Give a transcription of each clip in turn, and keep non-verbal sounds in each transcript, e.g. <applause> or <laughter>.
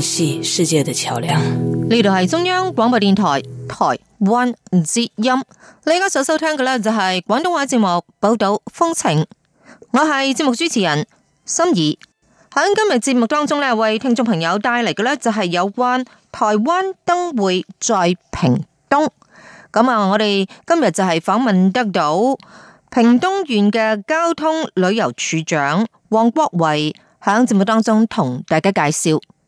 係世界的橋樑，呢度係中央廣播電台台灣之音。你而家所收聽嘅呢，就係廣東話節目《寶島風情》，我係節目主持人心儀。喺今日節目當中呢，為聽眾朋友帶嚟嘅呢，就係有關台灣燈會在屏東。咁啊，我哋今日就係訪問得到屏東縣嘅交通旅遊處長王國偉，響節目當中同大家介紹。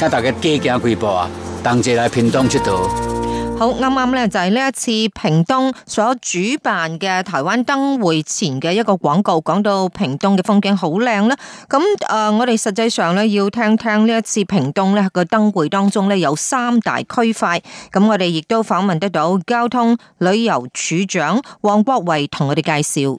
請大家記記下匯報啊，鄧姐嚟屏東出道好啱啱呢，剛剛就係呢一次屏東所主辦嘅台灣燈會前嘅一個廣告，講到屏東嘅風景好靚啦。咁誒、呃，我哋實際上呢要聽聽呢一次屏東呢個燈會當中呢有三大區塊，咁我哋亦都訪問得到交通旅遊處長黃國衛同我哋介紹。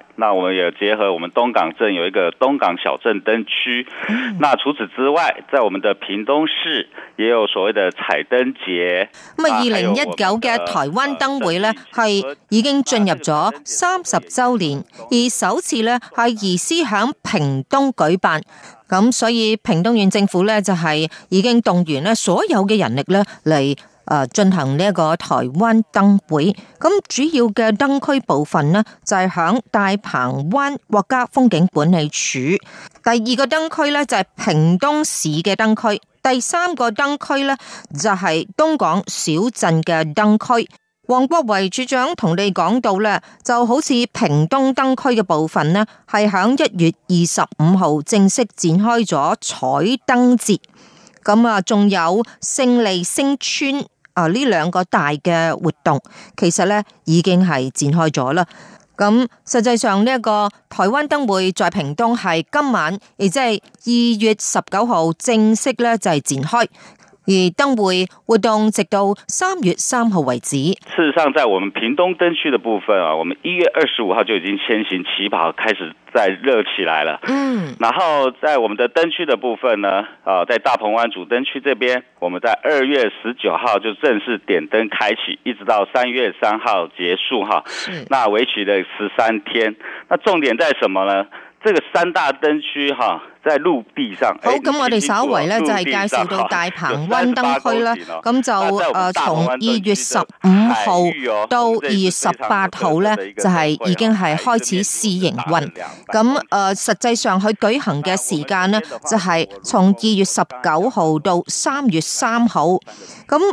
那我們也結合我們東港鎮有一個東港小鎮燈區，那除此之外，在我們的屏東市也有所謂的彩燈節。咁啊、嗯，二零一九嘅台灣燈會咧係已經進入咗三十周年，而首次咧係移師響屏東舉辦，咁所以屏東縣政府咧就係已經動員咧所有嘅人力咧嚟。誒進行呢一個台灣燈會，咁主要嘅燈區部分呢，就係喺大鵬灣國家風景管理處；第二個燈區呢，就係屏東市嘅燈區；第三個燈區呢，就係東港小鎮嘅燈區。黃國維處長同你講到呢，就好似屏東燈區嘅部分呢，係喺一月二十五號正式展開咗彩燈節。咁啊，仲有勝利星村。啊！呢兩個大嘅活動其實咧已經係展開咗啦。咁、嗯、實際上呢、這、一個台灣燈會在屏東係今晚，亦即係二月十九號正式咧就係、是、展開。而燈會活動直到三月三號為止。事實上，在我們屏東燈區的部分啊，我們一月二十五號就已經先行起跑，開始在熱起來了。嗯，mm. 然後在我們的燈區的部分呢，啊，在大鵬灣主燈區這邊，我們在二月十九號就正式點燈開啟，一直到三月三號結束哈、啊。那維持了十三天，那重點在什麼呢？這個三大燈區哈。在陸地上。好，咁我哋稍為咧就係介紹到大鵬灣燈區啦。咁就誒，從二月十五號到二月十八號咧，就係已經係開始試營運。咁誒，實際上佢舉行嘅時間咧，就係從二月十九號到三月三號。咁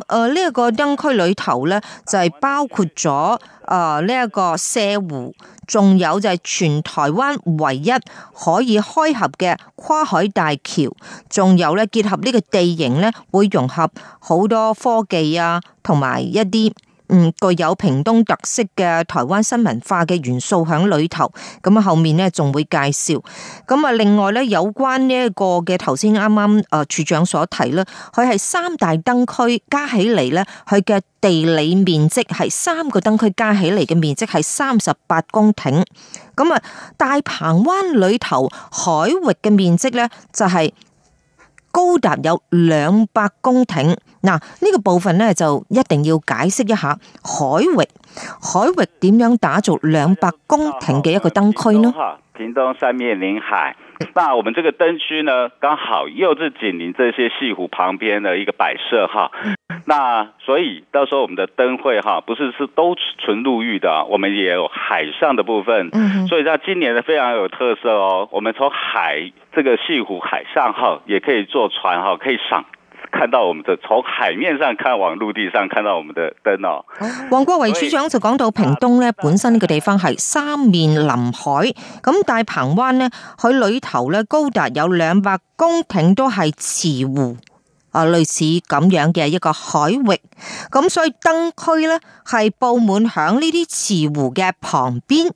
誒，呢一個燈區裏頭咧，就係包括咗。誒呢一個潟湖，仲有就係全台灣唯一可以開合嘅跨海大橋，仲有咧結合呢個地形咧，會融合好多科技啊，同埋一啲。嗯，具有屏東特色嘅台灣新文化嘅元素喺裏頭。咁啊，後面咧仲會介紹。咁啊，另外呢有關呢一個嘅頭先啱啱啊處長所提咧，佢係三大燈區加起嚟呢佢嘅地理面積係三個燈區加起嚟嘅面積係三十八公頃。咁啊，大鵬灣裏頭海域嘅面積咧，就係高達有兩百公頃。那呢個部分呢，就一定要解釋一下海域，海域點樣打造兩百公頃嘅一個燈區呢？屏東，屏東三面臨海， <laughs> 那我們這個燈區呢，剛好又是緊鄰這些潟湖旁邊的一個擺設哈。 <laughs> 那所以到時候我們的燈會哈，不是是都純陸域的，我們也有海上的部分。 <laughs> 所以，在今年呢非常有特色哦。我們從海這個潟湖海上哈，也可以坐船哈，可以賞看到我們的從海面上看往陸地上，看到我們的燈哦。王國維處長就講到，屏東咧本身呢個地方係三面臨海，咁大鵬灣呢，佢裏頭咧高達有兩百公頃都係池湖，啊類似咁樣嘅一個海域，咁所以燈區呢，係佈滿響呢啲池湖嘅旁邊，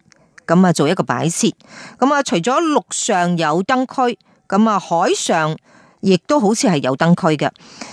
咁啊做一個擺設。咁啊，除咗陸上有燈區，咁啊海上。亦都好似係有燈區嘅，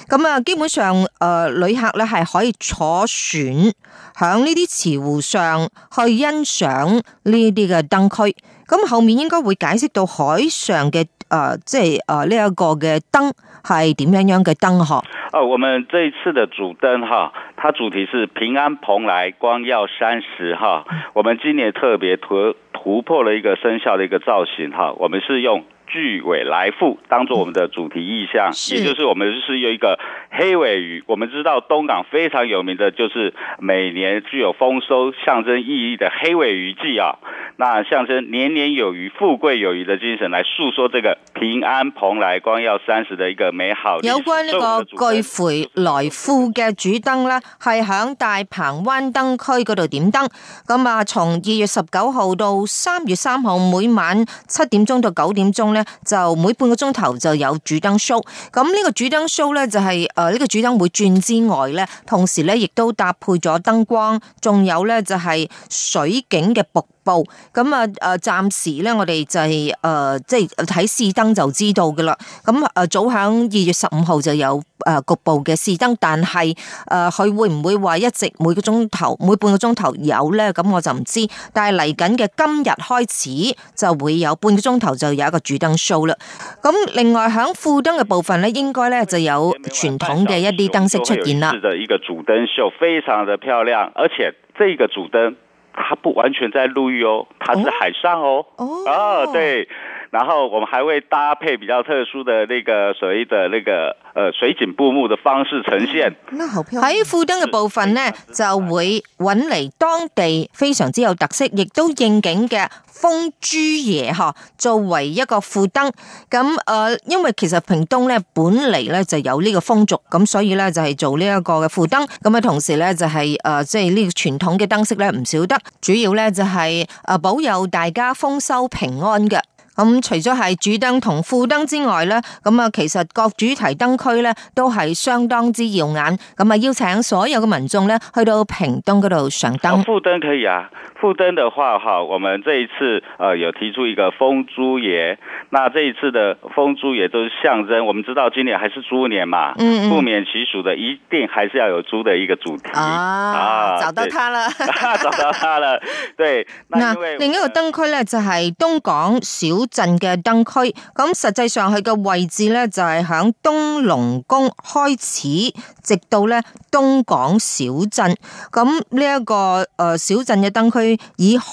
咁啊，基本上誒、呃，旅客咧係可以坐船響呢啲池湖上，去欣賞呢啲嘅燈區。咁後面應該會解釋到海上嘅誒，即係誒呢一個嘅燈係點樣樣嘅燈嗬。哦，我們這一次的主燈哈，它主題是平安鵬來光耀三十。哈。我們今年特別突突破了一個生肖的一個造型哈，我們是用。巨鮪來富，當作我們的主題意象，是也就是我們是有一個黑鮪魚。我們知道東港非常有名的就是每年具有豐收象徵意義的黑鮪魚季啊，那象徵年年有餘、富貴有餘的精神，來訴說這個平安鵬來光耀三十的一個美好。有關呢個巨鮪來富嘅主燈啦、就是，係響大鵬灣燈區度點燈，咁啊，從二月十九號到三月三號，每晚七點鐘到九點鐘咧。就每半個鐘頭就有主燈 show，咁呢個主燈 show 咧就係誒呢個主燈會轉之外咧，同時咧亦都搭配咗燈光，仲有咧就係水景嘅瀑布。咁啊誒，暫時咧我哋就係誒即係睇試燈就知道噶啦。咁誒早響二月十五號就有，局部嘅試燈，但係誒，佢、呃、會唔會話一直每個鐘頭每半個鐘頭有呢？咁我就唔知。但係嚟緊嘅今日開始就會有半個鐘頭就有一個主燈 show 啦。咁另外響副燈嘅部分呢，應該呢就有傳統嘅一啲燈飾出現啦。一個主燈 show 非常的漂亮，而且這個主燈它不完全在陸域哦，它是海上哦。哦，啊，對。然後我們還會搭配比較特殊的那個所謂的那個，呃水景布幕的方式呈現。那好喺副燈嘅部分呢，就會揾嚟當地非常之有特色，亦的都應景嘅風珠爺嗬，作為一個副燈。咁誒、呃，因為其實屏東咧本嚟咧就有呢個風俗，咁所以咧就係做呢一個嘅副燈。咁啊，同時咧就係、是、誒，即係呢個傳統嘅燈飾咧唔少得，主要咧就係誒保佑大家豐收平安嘅。咁除咗係主燈同副燈之外咧，咁啊，其實各主題燈區咧都係相當之耀眼。咁啊，邀請所有嘅民眾咧去到屏東嗰度上燈。咁副燈可以啊，副燈的話哈，我們這一次誒有提出一個風豬爺，那這一次的風豬爺都是象徵，我們知道今年還是豬年嘛，嗯嗯，不免其數的一定還是要有豬的一個主題嗯嗯啊，找到他了， <laughs> <laughs> 找到他了，對。嗱，另一個燈區咧就係東港小。鎮嘅燈區，咁實際上佢嘅位置咧就係響東龍宮開始，直到咧東港小鎮。咁呢一個誒小鎮嘅燈區以海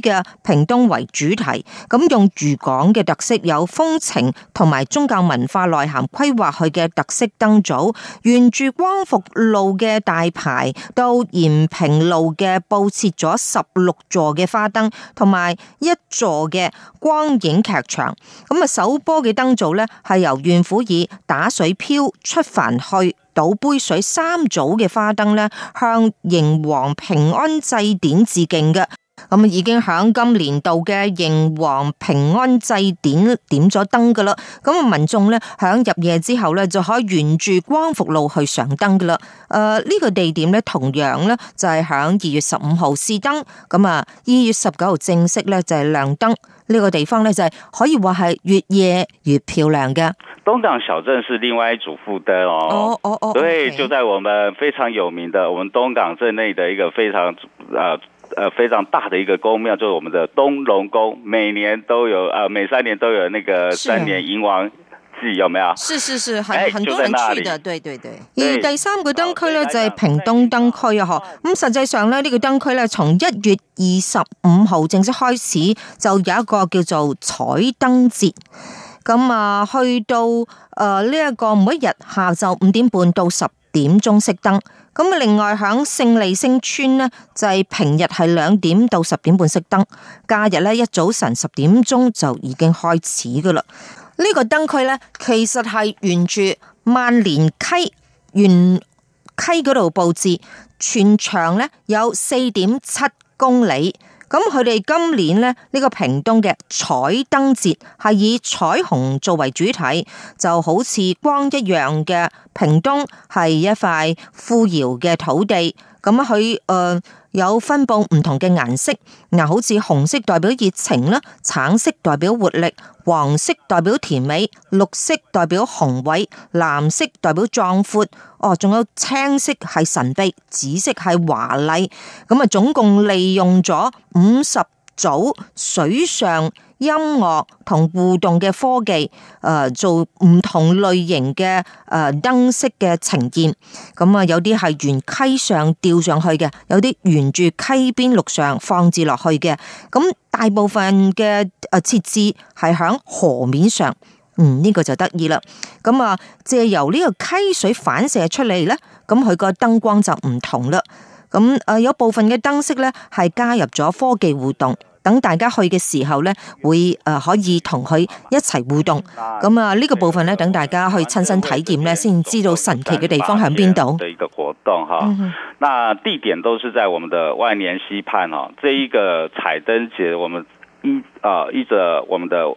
嘅屏東為主題，咁用漁港嘅特色有風情同埋宗教文化內涵，規劃佢嘅特色燈組，沿住光復路嘅大排到延平路嘅布設咗十六座嘅花燈，同埋一座嘅光影。影劇場咁啊，首波嘅燈組咧係由怨婦以打水漂、出帆去、倒杯水三組嘅花燈咧，向迎王平安祭典致敬嘅。咁已經響今年度嘅迎王平安祭典點咗燈噶啦。咁啊，民眾咧，響入夜之後咧，就可以沿住光復路去上燈噶啦。誒，呢個地點咧，同樣咧就係響二月十五號試燈，咁啊，二月十九號正式咧就係亮燈。呢個地方咧就係可以話係越夜越漂亮嘅。東港小鎮是另外一組副燈哦。哦哦哦，對，就在我們非常有名的，我們東港鎮內的一個非常啊。呃，非常大的一個宮廟，就是我們的東龍宮，每年都有，呃每三年都有那個三年迎王祭，是啊、有沒有？是是是，很、欸、很多人去的，對對對。而第三個燈區咧就係屏東燈區啊，嗬，咁實際上咧呢個燈區咧從一月二十五號正式開始，就有一個叫做彩燈節。咁啊，去到誒呢一個每一日下晝五點半到十點鐘熄燈。咁另外響勝利星村呢，就係、是、平日係兩點到十點半熄燈，假日呢一早晨十點鐘就已經開始噶啦。呢、這個燈區呢，其實係沿住萬年溪、沿溪嗰度布置，全長呢有四點七公里。咁佢哋今年呢，呢、呢個屏東嘅彩燈節係以彩虹作為主題，就好似光一樣嘅屏東係一塊富饒嘅土地。咁佢誒有分佈唔同嘅顏色，啊，好似紅色代表熱情啦，橙色代表活力，黃色代表甜美，綠色代表雄偉，藍色代表壯闊，哦，仲有青色係神秘，紫色係華麗，咁啊，總共利用咗五十組水上，音樂同互動嘅科技，誒，做唔同類型嘅誒燈飾嘅呈現，咁啊，有啲係沿溪上吊上去嘅，有啲沿住溪邊陸上放置落去嘅，咁大部分嘅誒設置係響河面上，嗯，呢個就得意啦。咁啊，借由呢個溪水反射出嚟咧，咁佢個燈光就唔同啦。咁誒，有部分嘅燈飾咧係加入咗科技互動。等大家去嘅時候呢，會誒可以同佢一齊互動，咁啊呢個部分呢，等大家去親身體驗呢，先知道神奇嘅地方響邊度。嘅一個活動哈，那地點都是在我們的萬年溪畔啊，這一個彩燈節，我們、嗯、啊依啊依着我們的。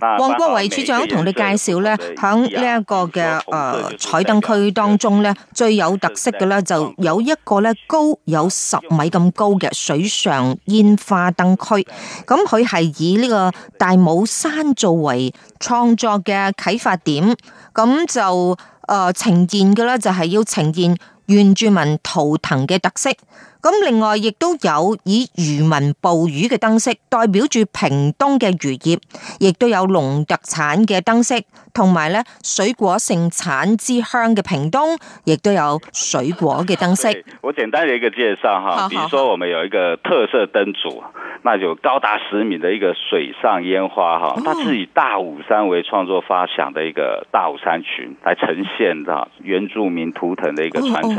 黃國維處長同你介紹咧，喺呢一個嘅誒彩燈區當中咧，最有特色嘅咧就有一個咧，高有十米咁高嘅水上煙花燈區，咁佢係以呢個大武山作為創作嘅啟發點，咁就誒呈現嘅咧就係要呈現。原住民圖騰嘅特色，咁另外亦都有以漁民捕魚嘅燈飾代表住屏東嘅漁業，亦都有農特產嘅燈飾，同埋咧水果盛產之鄉嘅屏東，亦都有水果嘅燈飾。我簡單嘅一個介紹哈，比如說我們有一個特色燈組，那就高達十米嘅一個水上煙花哈，Oh. 它是以大武山為創作發想嘅一個大武山群來呈現原住民圖騰嘅一個傳。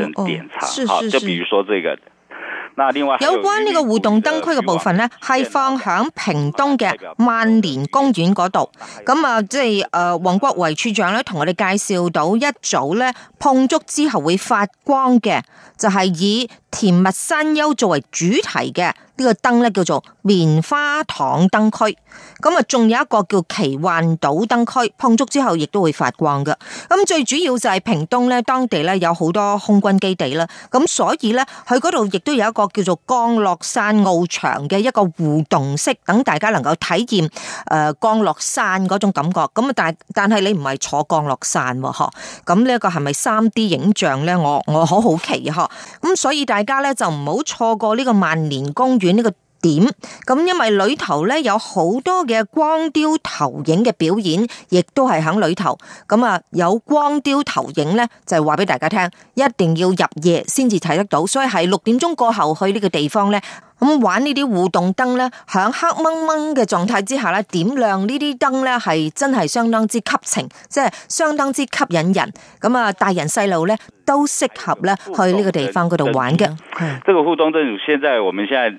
就比如說這個。哦、是是是有關呢個互動燈區嘅部分呢，係放響屏東嘅萬年公園嗰度。咁啊，即係誒，黃國維處長咧同我哋介紹到一組咧碰觸之後會發光嘅，就係以甜蜜山丘作為主題嘅。呢個燈咧叫做棉花糖燈區，咁啊，仲有一個叫奇幻島燈區，碰觸之後亦都會發光嘅。咁最主要就係屏東咧，當地咧有好多空軍基地啦，咁所以咧，佢度亦都有一個叫做降落傘翱翔嘅一個互動式，等大家能夠體驗誒降落傘嗰種感覺。咁啊，但但係你唔係坐降落傘喎，嗬？咁呢個係咪三 D 影像咧？我我好好奇啊，嗬！咁所以大家咧就唔好錯過呢個萬年公園。呢個點咁，因為裏頭呢有好多嘅光雕投影嘅表演，亦都係喺裏頭。咁、嗯、啊，有光雕投影呢，就話俾大家聽，一定要入夜先至睇得到。所以係六點鐘過後去呢個地方呢，咁玩呢啲互動燈呢，響黑掹掹嘅狀態之下呢，點亮呢啲燈呢，係真係相當之吸睛，即係相當之吸引人。咁、嗯、啊，大人細路呢，都適合呢去呢個地方嗰度玩嘅。呢個互動燈組，現在我們現在。嗯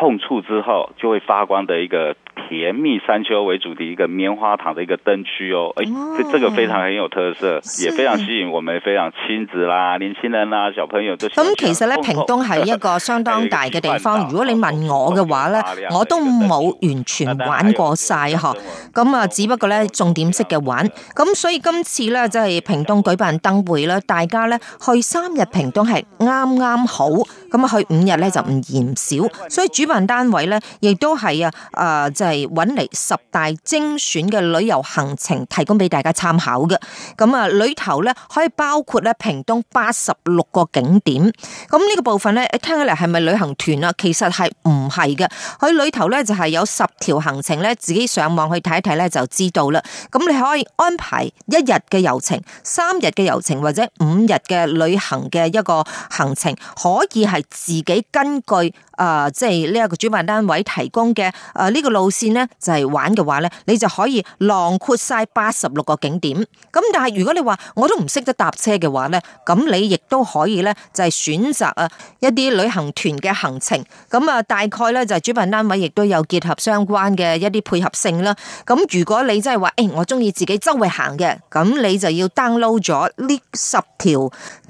碰觸之後就會發光的一個甜蜜山丘為主的一個棉花糖的一個燈區哦，哎，哦、這個非常很有特色，是也非常吸引我們非常親子啦、年輕人啦、小朋友都這。咁、嗯、其實呢，屏東係一個相當大嘅地方， <laughs> 如果你問我嘅話呢，嗯、我都冇完全玩過晒。嗬、嗯，咁、嗯、啊，嗯、只不過呢重點式嘅玩，咁、嗯嗯、所以今次呢，就係、是、屏東舉辦燈會咧，大家呢，去三日屏東係啱啱好，咁啊去五日呢，就唔嫌少，所以主。單位咧，亦都係啊誒，就係搵嚟十大精選嘅旅遊行程提供俾大家參考嘅。咁啊，裏頭咧可以包括咧屏東八十六個景點。咁呢個部分咧，聽起嚟係咪旅行團啊？其實係唔係嘅。佢裏頭咧就係、是、有十條行程咧，自己上網去睇一睇咧就知道啦。咁你可以安排一日嘅遊程、三日嘅遊程或者五日嘅旅行嘅一個行程，可以係自己根據啊，即係呢。就是這個有個主辦單位提供嘅誒呢個路線呢，就係、是、玩嘅話呢，你就可以囊括晒八十六個景點。咁但係如果你話我都唔識得搭車嘅話呢，咁你亦都可以呢，就係、是、選擇啊一啲旅行團嘅行程。咁啊大概呢，就係、是、主辦單位亦都有結合相關嘅一啲配合性啦。咁如果你真係話誒我中意自己周圍行嘅，咁你就要 download 咗呢十條。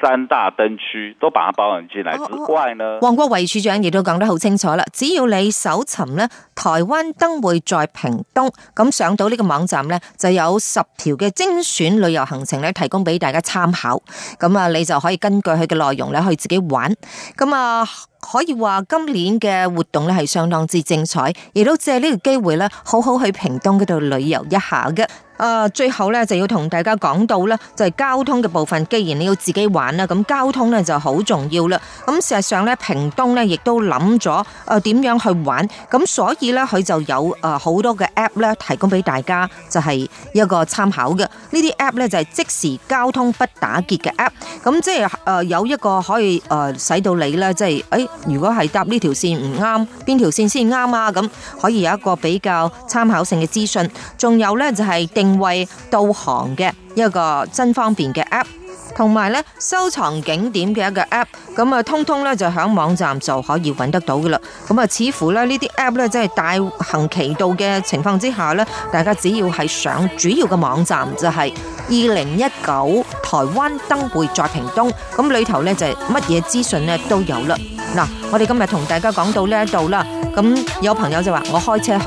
三大燈區都把它包含進來之外呢，哦哦，王國衛處長亦都講得好清楚啦。只要你搜尋台灣燈會在屏東，咁上到呢個網站呢，就有十條嘅精選旅遊行程咧，提供俾大家參考。咁啊，你就可以根據佢嘅內容咧，去自己玩。咁啊，可以話今年嘅活動咧係相當之精彩，亦都借呢個機會咧，好好去屏東嗰度旅遊一下嘅。誒，最後咧就要同大家講到咧，就係、是、交通嘅部分。既然你要自己玩啦，咁交通咧就好重要啦。咁事實上咧，屏東咧亦都諗咗誒點樣去玩。咁所以咧佢就有誒好、呃、多嘅 app 咧提供俾大家，就係、是、一個參考嘅。這些呢啲 app 咧就係、是、即時交通不打結嘅 app。咁即係誒有一個可以誒、呃、使到你咧，即係誒如果係搭呢條綫唔啱，邊條綫先啱啊？咁可以有一個比較參考性嘅資訊。仲有咧就係、是定定位導航嘅一個真方便嘅 app，同埋咧收藏景點嘅一個 app，咁啊通通呢就喺網站就可以揾得到噶啦。咁啊，似乎咧呢啲 app 呢，即係大行其道嘅情況之下呢，大家只要係上主要嘅網站，就係二零一九台灣燈會在屏東，咁裏頭呢，就係乜嘢資訊咧都有啦。嗱，我哋今日同大家講到呢一度啦，咁有朋友就話我開車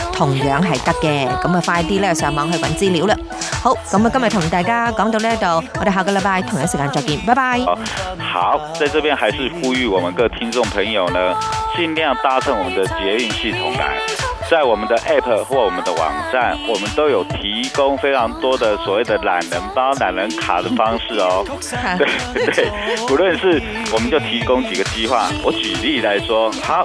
去。同樣係得嘅，咁啊快啲咧上網去揾資料啦。好，咁啊今日同大家講到呢一度，我哋下個禮拜同一時間再見，拜拜。好，在這邊還是呼籲我們各聽眾朋友呢，盡量搭乘我們的捷運系統來，在我們的 app 或我們的網站，我們都有提供非常多的所謂的懶人包、懶人卡的方式哦。 <laughs> 對對，不論是，我們就提供幾個計劃，我舉例來說，好。